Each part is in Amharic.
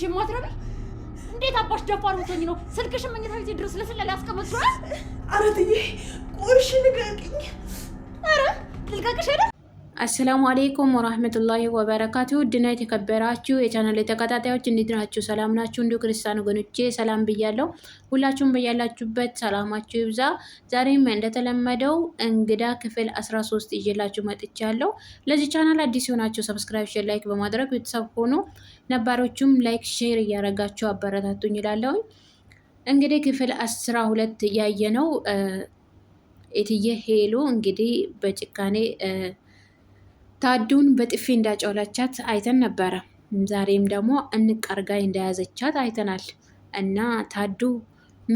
አንቺ የማትረቢ እንዴት አባሽ ደፋር ሆቶኝ ነው ስልክሽን መኝታ ቤት ድረስ ለስለላ ያስቀመጥሽዋል? ኧረ ትዬ ቆይ ልቀቅኝ። አረ ልቀቅሽ አይደል አሰላሙ አሌይኩም ወራህመቱላሂ ወበረካቱ ውድና የተከበራችሁ የቻናል ተከታታዮች እንዴት ናችሁ? ሰላም ናችሁ? እንዲሁ ክርስቲያን ወገኖቼ ሰላም ብያለሁ። ሁላችሁም በያላችሁበት ሰላማችሁ ይብዛ። ዛሬም እንደተለመደው እንግዳ ክፍል 13 ይዤላችሁ መጥቻለሁ። ለዚህ ቻናል አዲስ የሆናችሁ ሰብስክራይብ፣ ሼር፣ ላይክ በማድረግ ቤተሰብ ሆኖ ነባሮቹም ላይክ ሼር እያረጋችሁ አበረታቱኝ እላለሁኝ። እንግዲህ ክፍል አስራ ሁለት ያየ ነው እትዬ ሄሉ እንግዲህ በጭካኔ ታዱን በጥፊ እንዳጨውላቻት አይተን ነበረ። ዛሬም ደግሞ እንቀርጋ እንደያዘቻት አይተናል። እና ታዱ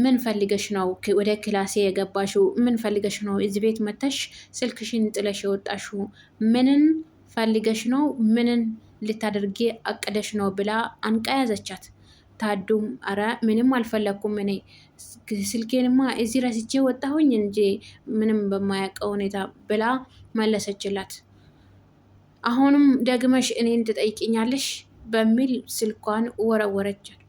ምን ፈልገሽ ነው ወደ ክላሴ የገባሽው? ምን ፈልገሽ ነው እዚህ ቤት መተሽ ስልክሽን ጥለሽ የወጣሽው? ምንን ፈልገሽ ነው? ምንን ልታደርጊ አቅደሽ ነው ብላ አንቃ ያዘቻት። ታዱም አረ ምንም አልፈለግኩም እኔ ስልኬንማ እዚህ ረስቼ ወጣሁኝ እንጂ ምንም በማያውቀው ሁኔታ ብላ መለሰችላት። አሁንም ደግመሽ እኔን ትጠይቅኛለሽ በሚል ስልኳን ወረወረቻት።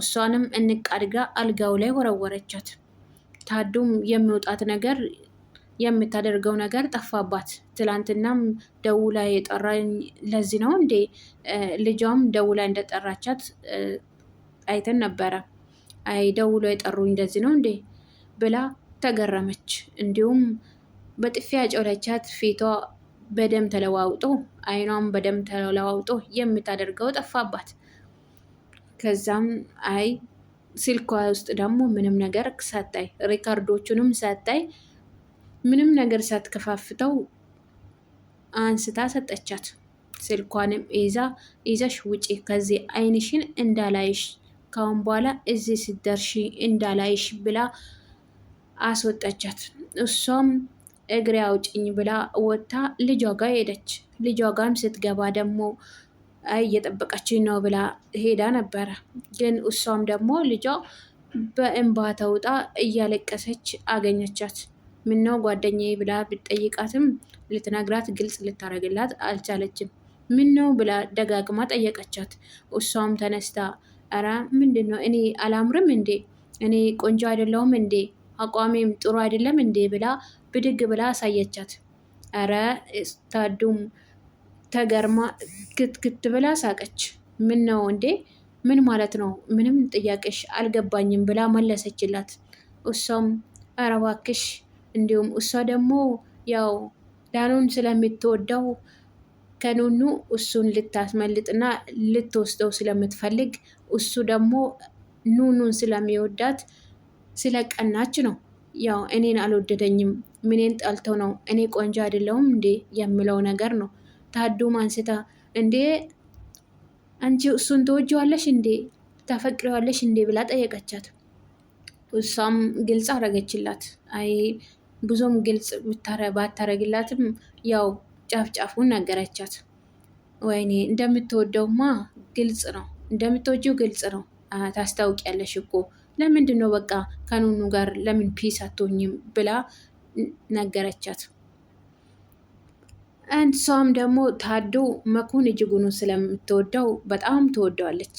እሷንም እንቃድጋ አልጋው ላይ ወረወረቻት። ታዱም የሚወጣት ነገር የምታደርገው ነገር ጠፋባት። ትላንትናም ደውላ የጠራኝ ለዚህ ነው እንዴ? ልጇም ደውላ እንደጠራቻት አይተን ነበረ። አይ ደውሎ የጠሩኝ እንደዚህ ነው እንዴ ብላ ተገረመች። እንዲሁም በጥፊ ያጨለቻት ፊቷ በደም ተለዋውጦ አይኗም በደም ተለዋውጦ የምታደርገው ጠፋባት። ከዛም አይ ስልኳ ውስጥ ደግሞ ምንም ነገር ሳታይ ሪካርዶቹንም ሳታይ ምንም ነገር ሳትከፋፍተው አንስታ ሰጠቻት። ስልኳንም ይዛ ይዘሽ ውጪ ከዚህ አይንሽን እንዳላይሽ ካሁን በኋላ እዚህ ስደርሺ እንዳላይሽ ብላ አስወጣቻት። እሷም እግሬ አውጭኝ ብላ ወጥታ ልጇ ጋር ሄደች። ልጇ ጋም ስትገባ ደግሞ እየጠበቀችኝ ነው ብላ ሄዳ ነበረ። ግን እሷም ደግሞ ልጇ በእንባ ተውጣ እያለቀሰች አገኘቻት። ምነው ጓደኛዬ ብላ ብጠይቃትም ልትነግራት ግልጽ ልታደርግላት አልቻለችም። ምነው ብላ ደጋግማ ጠየቀቻት። እሷም ተነስታ ኧረ ምንድን ነው እኔ አላምርም እንዴ? እኔ ቆንጆ አይደለሁም እንዴ? አቋሜም ጥሩ አይደለም እንዴ ብላ ብድግ ብላ አሳየቻት። እረ ታዱም ተገርማ ክትክት ብላ ሳቀች። ምን ነው እንዴ? ምን ማለት ነው? ምንም ጥያቄሽ አልገባኝም ብላ መለሰችላት። እሷም እረ እባክሽ እንዲሁም እሷ ደግሞ ያው ዳኑን ስለምትወደው ከኑኑ እሱን ልታስመልጥና ልትወስደው ስለምትፈልግ እሱ ደግሞ ኑኑን ስለሚወዳት ስለቀናች ነው። ያው እኔን አልወደደኝም፣ ምኔን ጠልቶ ነው፣ እኔ ቆንጆ አይደለሁም እንዴ የሚለው ነገር ነው። ታዱም አንስታ እንዴ አንቺ እሱን ተወጅዋለሽ እንዴ ታፈቅሪዋለሽ እንዴ ብላ ጠየቀቻት። እሷም ግልጽ አረገችላት። አይ ብዙም ግልጽ ባታረግላትም ያው ጫፍጫፉን ነገረቻት። ወይኔ እንደምትወደውማ ግልጽ ነው፣ እንደምትወጂው ግልጽ ነው፣ ታስታውቂያለሽ እኮ ለምንድን ነው በቃ ከኑኑ ጋር ለምን ፒስ አትሆኝም ብላ ነገረቻት። ሰውም ደግሞ ታዶ መኩን እጅጉኑ ስለምትወደው በጣም ትወደዋለች።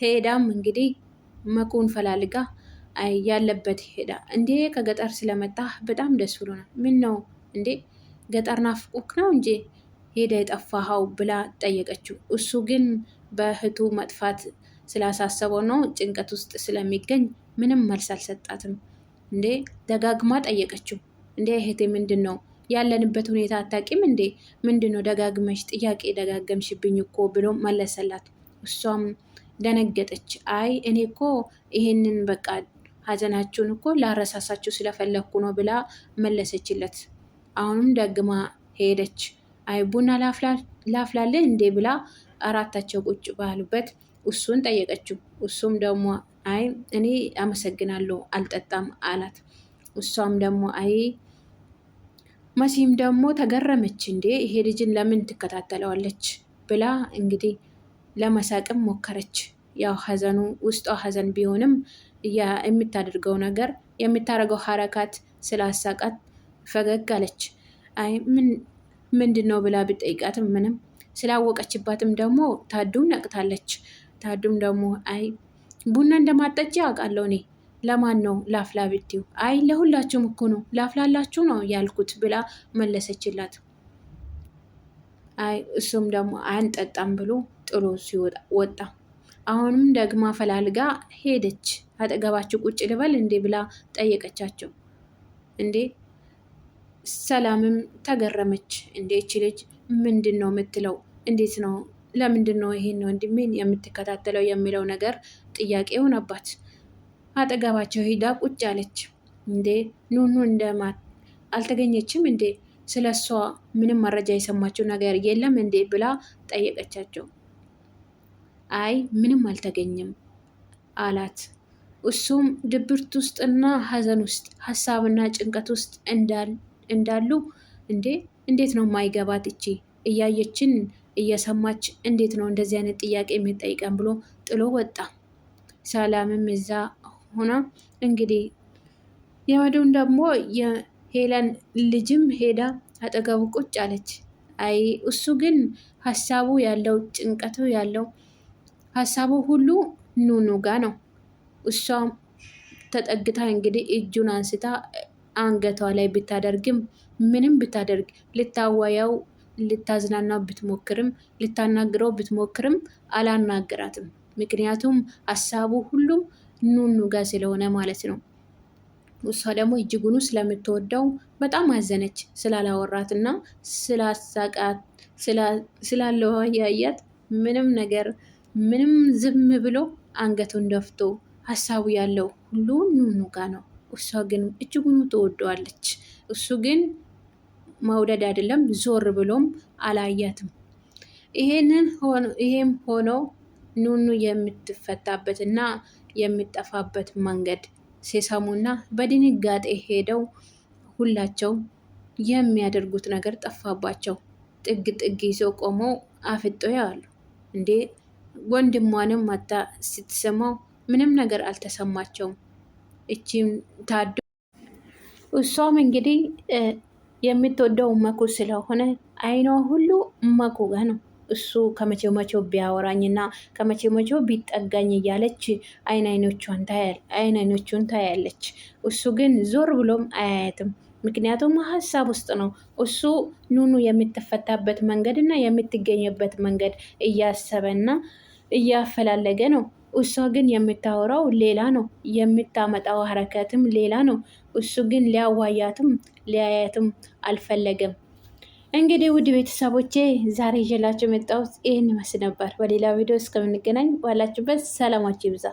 ሄዳም እንግዲህ መኩን ፈላልጋ ያለበት ሄዳ እንዴ ከገጠር ስለመጣ በጣም ደስ ነው። ምን ነው እንዴ ገጠር ናፍቁክ ነው እንጂ ሄደ የጠፋኸው ብላ ጠየቀችው። እሱ ግን በእህቱ መጥፋት ስላሳሰበው ነው ጭንቀት ውስጥ ስለሚገኝ ምንም መልስ አልሰጣትም። እንዴ ደጋግማ ጠየቀችው። እንዴ እህቴ ምንድን ነው ያለንበት ሁኔታ አታቂም እንዴ? ምንድን ነው ደጋግመሽ ጥያቄ ደጋገምሽብኝ እኮ ብሎ መለሰላት። እሷም ደነገጠች። አይ እኔ እኮ ይሄንን በቃ ሀዘናችሁን እኮ ላረሳሳችሁ ስለፈለግኩ ነው ብላ መለሰችለት። አሁንም ደግማ ሄደች። አይ ቡና ላፍላለ እንዴ ብላ አራታቸው ቁጭ ባሉበት እሱን ጠየቀችው። እሱም ደግሞ አይ እኔ አመሰግናለሁ አልጠጣም አላት። እሷም ደግሞ አይ መሲም ደግሞ ተገረመች። እንዴ ይሄ ልጅን ለምን ትከታተለዋለች ብላ እንግዲህ ለመሳቅም ሞከረች። ያው ሀዘኑ ውስጧ ሀዘን ቢሆንም የምታደርገው ነገር የምታደርገው ሀረካት ስላሳቃት ፈገግ አለች። አይ ምን ምንድን ነው ብላ ብጠይቃትም ምንም ስላወቀችባትም ደግሞ ታዱም ነቅታለች። ታዱም ደግሞ አይ ቡና እንደማጠጪ አውቃለሁ እኔ ለማን ነው ላፍላ ብትው? አይ ለሁላችሁም እኮ ነው ላፍላላችሁ ነው ያልኩት ብላ መለሰችላት። አይ እሱም ደግሞ አንጠጣም ብሎ ጥሎ ሲወጣ ወጣ። አሁንም ደግማ ፈላልጋ ሄደች። አጠገባችሁ ቁጭ ልበል እንዴ ብላ ጠየቀቻቸው። እንዴ ሰላምም ተገረመች። እንዴ ይች ልጅ ምንድን ነው የምትለው? እንዴት ነው ለምንድን ነው ይሄን ወንድሜን የምትከታተለው የሚለው ነገር ጥያቄ ሆነባት። አጠገባቸው ሂዳ ቁጭ አለች። እንዴ ኑኑ እንደማት አልተገኘችም እንዴ? ስለ እሷ ምንም መረጃ የሰማችው ነገር የለም እንዴ? ብላ ጠየቀቻቸው። አይ ምንም አልተገኘም አላት። እሱም ድብርት ውስጥና ሀዘን ውስጥ ሀሳብና ጭንቀት ውስጥ እንዳሉ እንዴ እንዴት ነው ማይገባት እቺ እያየችን እየሰማች እንዴት ነው እንደዚህ አይነት ጥያቄ የሚጠይቀን ብሎ ጥሎ ወጣ። ሰላምም እዛ ሆና እንግዲህ የመድን ደግሞ የሄለን ልጅም ሄዳ አጠገቡ ቁጭ አለች። አይ እሱ ግን ሀሳቡ ያለው ጭንቀቱ ያለው ሀሳቡ ሁሉ ኑኑ ጋ ነው። እሷም ተጠግታ እንግዲህ እጁን አንስታ አንገቷ ላይ ብታደርግም ምንም ብታደርግ ልታወያው ልታዝናናው ብትሞክርም ልታናግረው ብትሞክርም አላናግራትም። ምክንያቱም ሀሳቡ ሁሉም ኑኑ ጋር ስለሆነ ማለት ነው። እሷ ደግሞ እጅጉኑ ስለምትወደው በጣም አዘነች። ስላላወራትና ስላሳቃት ያያት ምንም ነገር ምንም ዝም ብሎ አንገቱን ደፍቶ ሀሳቡ ያለው ሁሉ ኑኑ ጋ ነው። እሷ ግን እጅጉኑ ትወደዋለች። እሱ ግን መውደድ አይደለም፣ ዞር ብሎም አላያትም። ይሄንን ይሄም ሆኖ ኑኑ የምትፈታበት እና የምጠፋበት መንገድ ሲሰሙና በድንጋጤ ሄደው ሁላቸው የሚያደርጉት ነገር ጠፋባቸው። ጥግ ጥግ ይዘው ቆመው አፍጦ ያዋሉ። እንዴ ወንድሟንም ማታ ስትሰማው ምንም ነገር አልተሰማቸውም። እቺም ታዶ እሷም እንግዲህ የምትወደው መኩ ስለሆነ አይኗ ሁሉ መኩ ጋ ነው። እሱ ከመቼ መቼው ቢያወራኝና ከመቼ መቼው ቢጠጋኝ እያለች አይን አይኖቹን ታያለች። እሱ ግን ዞር ብሎም አያያትም። ምክንያቱም ሀሳብ ውስጥ ነው እሱ ኑኑ የምትፈታበት መንገድ እና የምትገኝበት መንገድ እያሰበና እያፈላለገ ነው። እሷ ግን የምታወራው ሌላ ነው፣ የምታመጣው ሀረከትም ሌላ ነው። እሱ ግን ሊያዋያትም ሊያያትም አልፈለገም። እንግዲህ ውድ ቤተሰቦቼ ዛሬ ይዤላችሁ የመጣሁት ይህን ይመስል ነበር። በሌላ ቪዲዮ እስከምንገናኝ ባላችሁበት ሰላማችሁ ይብዛ።